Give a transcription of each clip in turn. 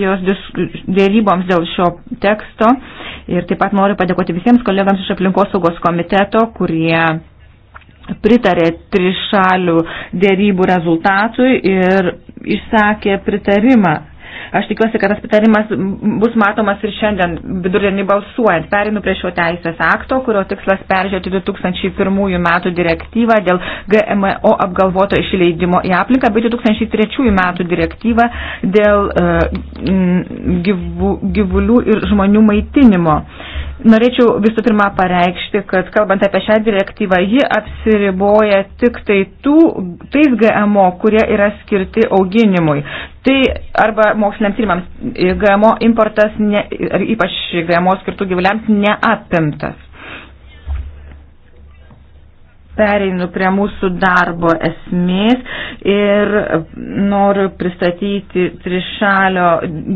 jos dėryboms dėl šio teksto. Ir taip pat noriu padėkoti visiems kolegams iš aplinkosaugos komiteto, kurie pritarė trišalių dėrybų rezultatui ir išsakė pritarimą Aš tikiuosi, kad tas patarimas bus matomas ir šiandien vidurdienį balsuojant. Perinu prie šio teisės akto, kurio tikslas peržiūrėti 2001 metų direktyvą dėl GMO apgalvoto išleidimo į aplinką, bei 2003 metų direktyvą dėl uh, gyvulių ir žmonių maitinimo. Norėčiau visų pirma pareikšti, kad kalbant apie šią direktyvą, ji apsiriboja tik tai tų, tais GMO, kurie yra skirti auginimui. Tai arba moksliniams tyrimams GMO importas, ne, ypač GMO skirtų gyvuliams, neapimtas pereinu prie mūsų darbo esmės ir noriu pristatyti trišalio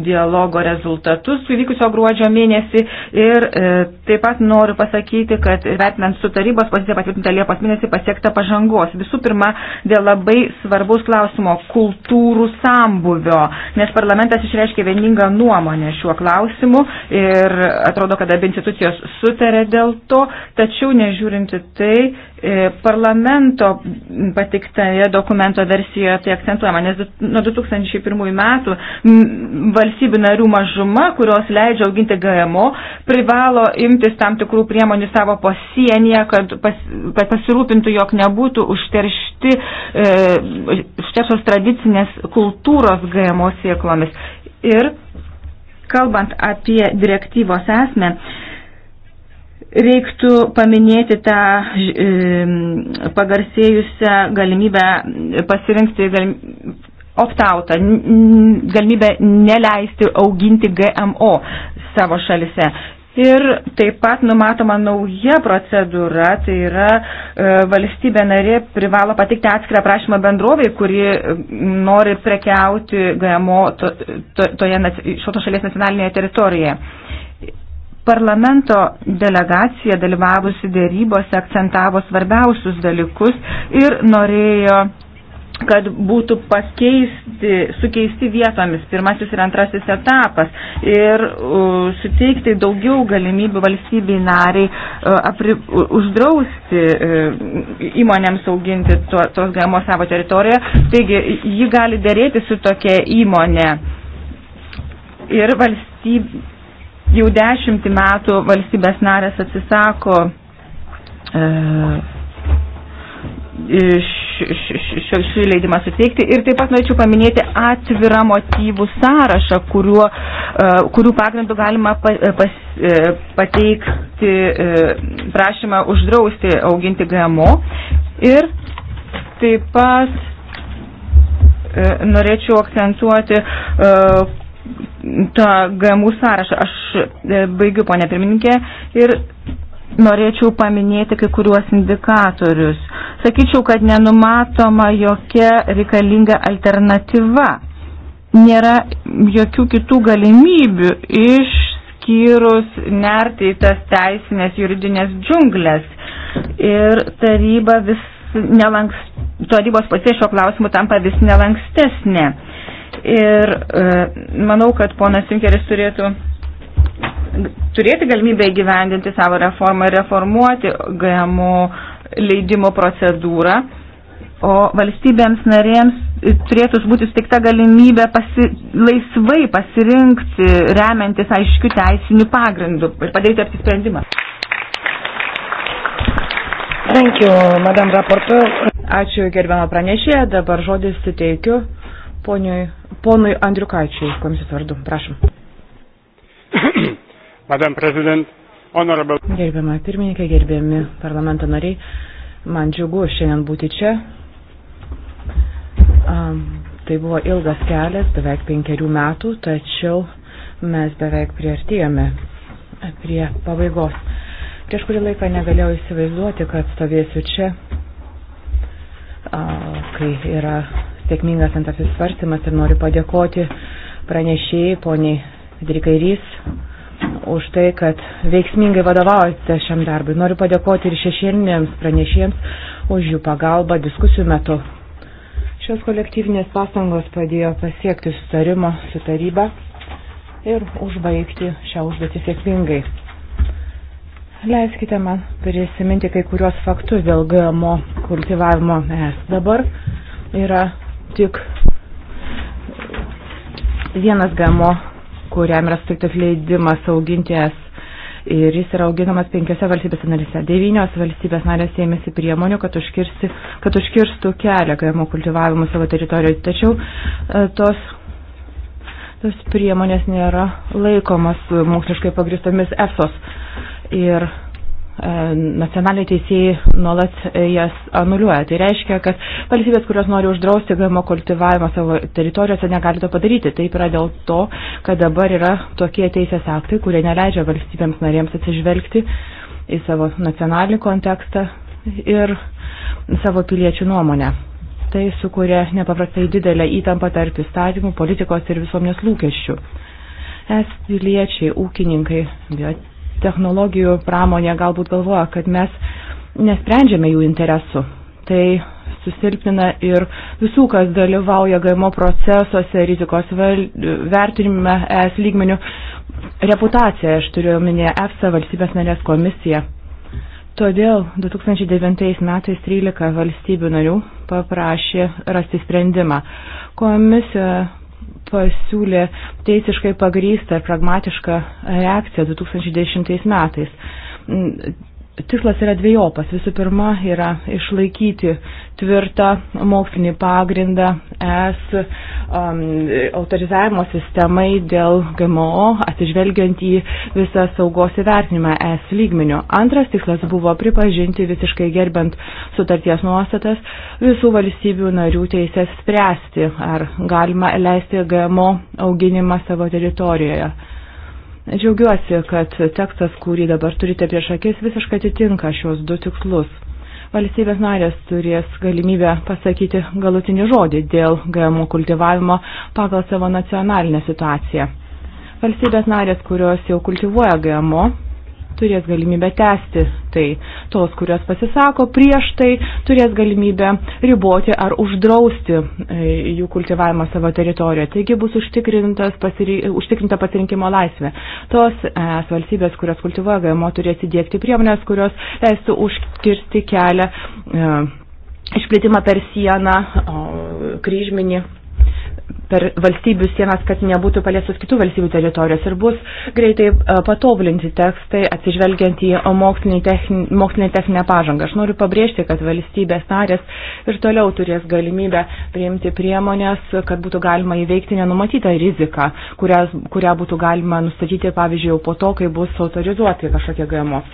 dialogo rezultatus įvykusio gruodžio mėnesį ir e, taip pat noriu pasakyti, kad vertinant su tarybos pozicija patvirtinta Liepos mėnesį pasiekta pažangos. Visų pirma, dėl labai svarbaus klausimo kultūrų sambuvio, nes parlamentas išreiškė vieningą nuomonę šiuo klausimu ir atrodo, kad abi institucijos sutarė dėl to, tačiau nežiūrinti tai, E, parlamento patiktoje dokumento versijoje tai akcentuojama, nes nuo 2001 metų valstybių narių mažuma, kurios leidžia auginti GMO, privalo imtis tam tikrų priemonių savo pasienyje, kad, pas, kad pasirūpintų, jog nebūtų užteršti, e, užterštos tradicinės kultūros GMO sieklomis. Ir kalbant apie direktyvos esmę, e, Reiktų paminėti tą e, pagarsėjusią galimybę pasirinkti galim, opt-outą, galimybę neleisti auginti GMO savo šalise. Ir taip pat numatoma nauja procedūra, tai yra e, valstybė narė privalo patikti atskirą prašymą bendroviai, kuri nori prekiauti GMO to, to, toje šoto šalies nacionalinėje teritorijoje. Parlamento delegacija dalyvavusi dėrybose akcentavo svarbiausius dalykus ir norėjo kad būtų pakeisti, sukeisti vietomis pirmasis ir antrasis etapas ir uh, suteikti daugiau galimybių valstybei nariai uh, apri, uh, uždrausti uh, įmonėms auginti to, tos gamos savo teritorijoje. Taigi, ji gali dėrėti su tokia įmonė ir valstybė Jau dešimtį metų valstybės narės atsisako e, šį leidimą suteikti. Ir taip pat norėčiau paminėti atvirą motyvų sąrašą, kuriuo, e, kurių pagrindų galima e, pas, e, pateikti prašymą uždrausti auginti GMO. Ir taip pat norėčiau akcentuoti tą GMU sąrašą. Aš e, baigiu, ponė pirmininkė, ir norėčiau paminėti kai kuriuos indikatorius. Sakyčiau, kad nenumatoma jokia reikalinga alternatyva. Nėra jokių kitų galimybių išskyrus nerti į tas teisinės juridinės džiunglės. Ir taryba vis nelanks, tarybos pasie šio klausimu tampa vis nelankstesnė. Ir e, manau, kad ponas Junkeris turėtų turėti galimybę įgyvendinti savo reformą ir reformuoti GMO leidimo procedūrą, o valstybėms narėms turėtų būti suteikta galimybė pasi, laisvai pasirinkti, remiantis aiškių teisinių pagrindų ir padaryti apsisprendimą. Thank you, madam raportu. Ačiū gerbiamą pranešėją, dabar žodis suteikiu ponioj, ponui Andriukaičiui, komisijos vardu. Prašom. Madam President, honorable. Gerbiama pirmininkė, gerbiami parlamento nariai, man džiugu šiandien būti čia. Um, tai buvo ilgas kelias, beveik penkerių metų, tačiau mes beveik priartėjome prie pabaigos. Prieš kurį laiką negalėjau įsivaizduoti, kad stovėsiu čia, kai yra sėkmingas antrasis svarstymas ir noriu padėkoti pranešėjai poniai Federikai Rys už tai, kad veiksmingai vadovaujate šiam darbui. Noriu padėkoti ir šešėlinėms pranešėjams už jų pagalbą diskusijų metu. Šios kolektyvinės pastangos padėjo pasiekti sutarimo su taryba ir užbaigti šią užduotį sėkmingai. Leiskite man prisiminti kai kurios faktus dėl GMO kultivavimo ES. Dabar yra tik vienas gamo, kuriam yra suteiktas leidimas auginti es. Ir jis yra auginamas penkiose valstybėse narėse. Devynios valstybės narės ėmėsi priemonių, kad, užkirsti, kad užkirstų kelią gamo kultivavimu savo teritorijoje. Tačiau e, tos, tos priemonės nėra laikomas moksliškai pagristomis esos. Ir E, nacionaliniai teisėjai nuolat e, jas anuliuoja. Tai reiškia, kad valstybės, kurios nori uždrausti GMO kultivavimą savo teritorijose, negali to padaryti. Taip yra dėl to, kad dabar yra tokie teisės aktai, kurie neleidžia valstybėms narėms atsižvelgti į savo nacionalinį kontekstą ir savo piliečių nuomonę. Tai sukuria nepaprastai didelę įtampą tarp įstatymų, politikos ir visuomenės lūkesčių. Es piliečiai, ūkininkai, biotė technologijų pramonė galbūt galvoja, kad mes nesprendžiame jų interesų. Tai susilpnina ir visų, kas dalyvauja GMO procesuose, rizikos vertinime, es lygmenių reputaciją, aš turiu omenyje EFSA valstybės narės komisiją. Todėl 2009 metais 13 valstybių narių paprašė rasti sprendimą. Komisija pasiūlė teisiškai pagrįstą ir pragmatišką reakciją 2010 metais tikslas yra dviejopas. Visų pirma, yra išlaikyti tvirtą mokslinį pagrindą es um, autorizavimo sistemai dėl GMO, atsižvelgiant į visą saugos įvertinimą es lygminiu. Antras tikslas buvo pripažinti visiškai gerbent sutarties nuostatas visų valstybių narių teisės spręsti, ar galima leisti GMO auginimą savo teritorijoje. Džiaugiuosi, kad tekstas, kurį dabar turite prieš akis, visiškai atitinka šios du tikslus. Valstybės narės turės galimybę pasakyti galutinį žodį dėl GMO kultivavimo pagal savo nacionalinę situaciją. Valstybės narės, kurios jau kultivuoja GMO, turės galimybę tęsti tai. Tos, kurios pasisako prieš tai, turės galimybę riboti ar uždrausti e, jų kultivavimą savo teritorijoje. Taigi bus pasiri, užtikrinta pasirinkimo laisvė. Tos e, es valstybės, kurios kultivuoja GMO, turės įdėkti priemonės, kurios leistų užkirsti kelią. E, Išplitimą per sieną, kryžminį per valstybių sienas, kad nebūtų paliestos kitų valstybių teritorijos ir bus greitai e, patobulinti tekstai atsižvelgiant į mokslinį techni, mokslinį techninę pažangą. Aš noriu pabrėžti, kad valstybės narės ir toliau turės galimybę priimti priemonės, kad būtų galima įveikti nenumatytą riziką, kurią, kurią būtų galima nustatyti, pavyzdžiui, jau po to, kai bus autorizuoti kažkokie GMO.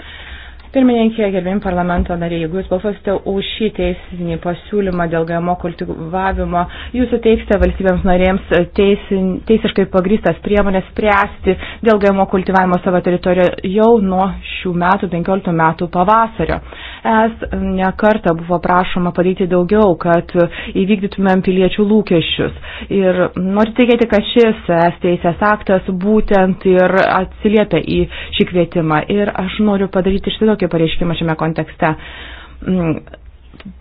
Pirmininkė, gerbėjim parlamento nariai, jeigu jūs balsuosite už šį teisinį pasiūlymą dėl GMO kultivavimo, jūs suteiksite valstybėms narėms teisin, teisiškai pagristas priemonės spręsti dėl GMO kultivavimo savo teritorijoje jau nuo šių metų, 15 metų pavasario. Es nekarta buvo prašoma padaryti daugiau, kad įvykdytumėm piliečių lūkesčius. Ir noriu tikėti, kad šis es teisės aktas būtent ir atsiliepia į šį kvietimą. Ir aš noriu padaryti štai tokį tokį pareiškimą šiame kontekste. Mm,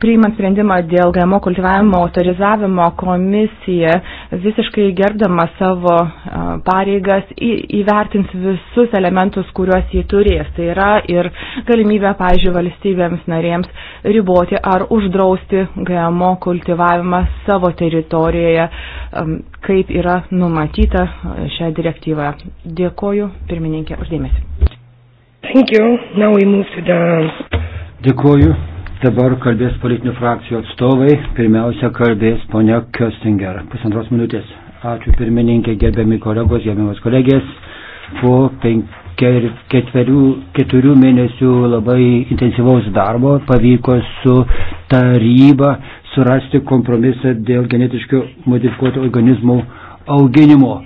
priimant sprendimą dėl GMO kultivavimo autorizavimo komisija visiškai gerbdama savo pareigas įvertins visus elementus, kuriuos jį turės. Tai yra ir galimybė, pavyzdžiui, valstybėms narėms riboti ar uždrausti GMO kultivavimą savo teritorijoje, kaip yra numatyta šią direktyvą. Dėkoju pirmininkė uždėmesi. Thank you. Now we move to the... Dėkuoju. Dabar kalbės politinių frakcijų atstovai. Pirmiausia, kalbės ponia Köstinger. Pusantros minutės. Ačiū pirmininkė, gerbiami kolegos, gerbiamas kolegės. Po ketverių, keturių mėnesių labai intensyvaus darbo pavyko su taryba surasti kompromisą dėl genetiškai modifikuotų organizmų auginimo.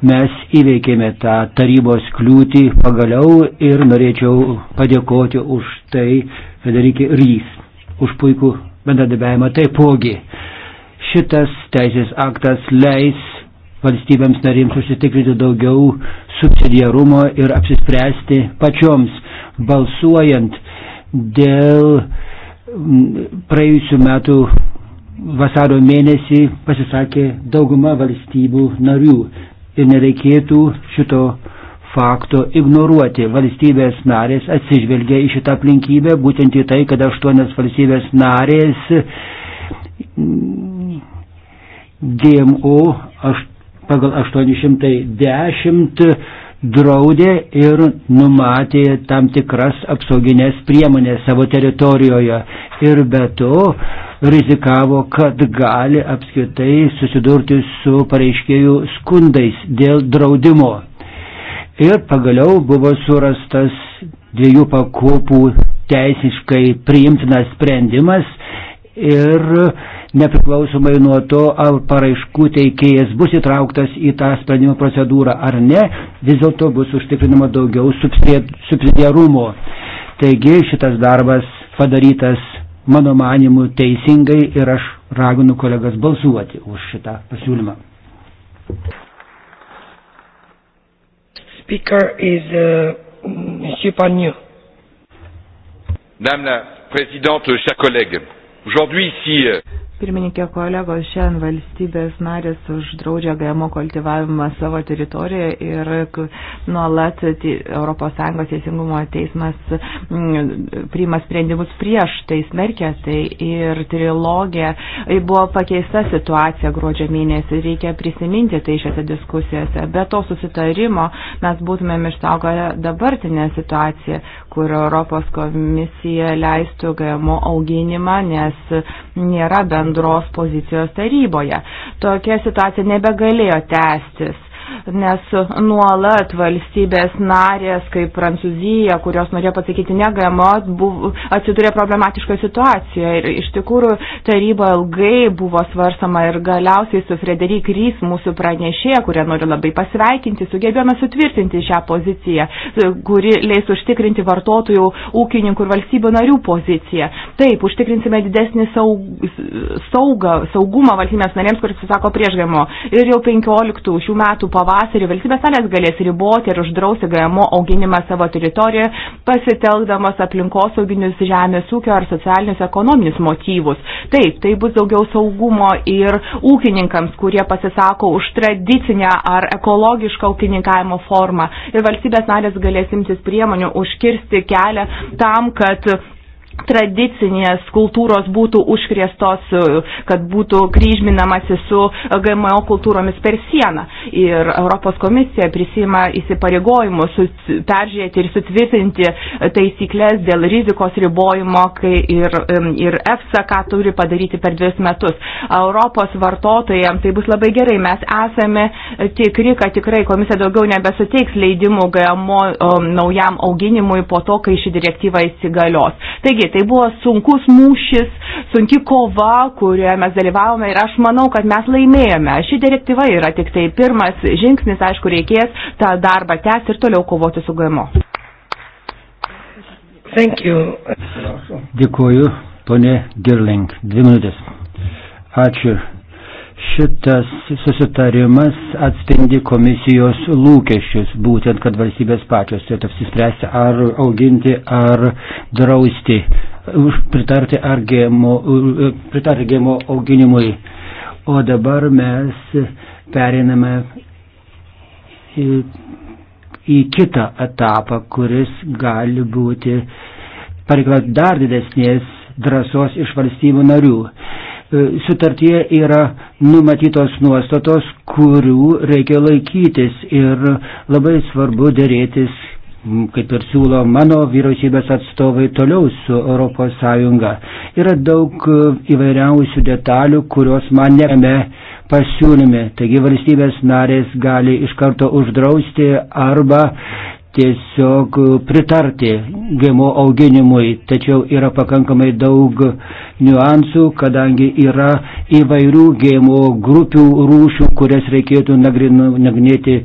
Mes įveikėme tą tarybos kliūtį pagaliau ir norėčiau padėkoti už tai Federikė Rys, už puikų bendradarbiavimą taipogi. Šitas teisės aktas leis valstybėms narims užsitikrinti daugiau subsidiarumo ir apsispręsti pačioms, balsuojant dėl praėjusių metų vasario mėnesį pasisakė dauguma valstybių narių ir nereikėtų šito fakto ignoruoti. Valstybės narės atsižvelgia į šitą aplinkybę, būtent į tai, kad aštuonias valstybės narės GMO aš, pagal 810 draudė ir numatė tam tikras apsauginės priemonės savo teritorijoje. Ir be to, rizikavo, kad gali apskritai susidurti su pareiškėjų skundais dėl draudimo. Ir pagaliau buvo surastas dviejų pakopų teisiškai priimtinas sprendimas ir nepriklausomai nuo to, ar paraiškų teikėjas bus įtrauktas į tą sprendimo procedūrą ar ne, vis dėlto bus užtikrinama daugiau subsidiarumo. Taigi šitas darbas padarytas mano manimu, teisingai ir aš raginu kolegas balsuoti už šitą pasiūlymą. Speaker is uh, Monsieur Pagnon. Madame la Présidente, chers collègues, aujourd'hui ici. Si, uh... Pirmininkė kolegos, šiandien valstybės narės uždraudžia GMO kultivavimą savo teritorijoje ir nuolat ES teisingumo teismas mm, priima sprendimus prieš tai smerkia tai ir trilogija. Buvo pakeista situacija gruodžio mėnesį, reikia prisiminti tai šiose diskusijose. Be to susitarimo mes būtumėm išsaugoję dabartinę situaciją, kur Europos komisija leistų GMO auginimą, nes nėra bendro bendros pozicijos taryboje. Tokia situacija nebegalėjo tęstis nes nuolat valstybės narės, kaip Prancūzija, kurios norėjo pasakyti ne GMO, atsidūrė problematiškoje situacijoje. Ir iš tikrųjų taryba ilgai buvo svarstama ir galiausiai su Frederik Rys, mūsų pranešėja, kurią noriu labai pasveikinti, sugebėjome sutvirtinti šią poziciją, kuri leis užtikrinti vartotojų, ūkininkų ir valstybių narių poziciją. Taip, užtikrinsime didesnį saug, saugą, saugumą valstybės narėms, kuris susako prieš GMO. Ir jau 15 šių metų pavasarį valstybės salės galės riboti ir uždrausti GMO auginimą savo teritorijoje, pasitelkdamas aplinkosauginius žemės ūkio ar socialinius ekonominius motyvus. Taip, tai bus daugiau saugumo ir ūkininkams, kurie pasisako už tradicinę ar ekologišką ūkininkavimo formą. Ir valstybės narės galės imtis priemonių užkirsti kelią tam, kad tradicinės kultūros būtų užkrėstos, e, kad būtų kryžminamasi su GMO kultūromis per sieną. Ir Europos komisija prisima įsipareigojimus peržiūrėti ir sutvirtinti taisyklės dėl rizikos ribojimo kai ir, ir EFSA, ką turi padaryti per dvius metus. Europos vartotojams tai bus labai gerai. Mes esame tikri, kad tikrai komisija daugiau nebesuteiks leidimų GMO naujam auginimui po to, kai ši direktyva įsigalios. Taigi, panašiai. Tai buvo sunkus mūšis, sunki kova, kurioje mes dalyvavome ir aš manau, kad mes laimėjome. Ši direktyva yra tik tai pirmas žingsnis, aišku, reikės tą darbą tęsti ir toliau kovoti su GMO. Thank you. Dėkuoju, ponė Girling. Dvi minutės. Ačiū, Šitas susitarimas atspindi komisijos lūkesčius, būtent, kad valstybės pačios turėtų apsispręsti ar auginti, ar drausti, pritarti, ar gėmo, pritarti gėmo auginimui. O dabar mes periname į, į kitą etapą, kuris gali būti pareikalauti dar didesnės drąsos iš valstybių narių. E, sutartyje yra numatytos nuostatos, kurių reikia laikytis ir labai svarbu dėrėtis, kaip ir siūlo mano vyriausybės atstovai, toliau su ES. Yra daug e, įvairiausių detalių, kurios man neme pasiūlyme. Taigi valstybės narės gali iš karto uždrausti arba tiesiog pritarti GMO auginimui, tačiau yra pakankamai daug niuansų, kadangi yra įvairių GMO grupių rūšių, kurias reikėtų nagrinėti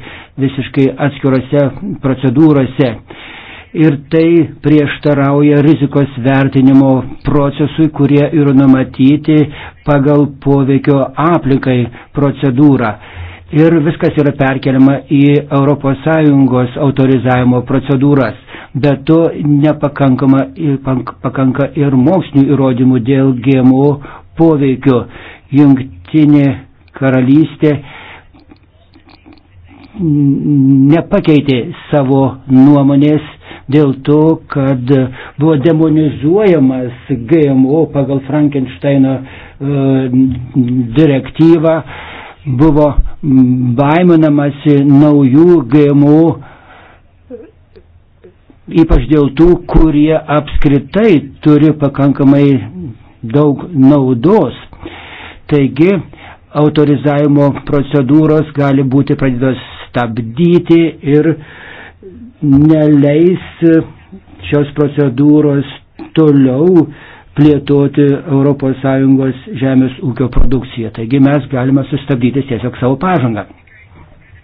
visiškai atskirose procedūrose. Ir tai prieštarauja rizikos vertinimo procesui, kurie yra numatyti pagal poveikio aplinkai procedūrą ir viskas yra perkeliama į ES autorizavimo procedūras. Be to nepakankama pakanka ir mokslinių įrodymų dėl GMO poveikio. Jungtinė karalystė nepakeitė savo nuomonės dėl to, kad buvo demonizuojamas GMO pagal Frankensteino e, direktyvą buvo baiminamasi naujų GMO, ypač dėl tų, kurie apskritai turi pakankamai daug naudos. Taigi, autorizavimo procedūros gali būti pradėtos stabdyti ir neleis šios procedūros toliau uh, plėtoti ES žemės ūkio produkciją. Taigi mes galime sustabdyti tiesiog savo pažangą.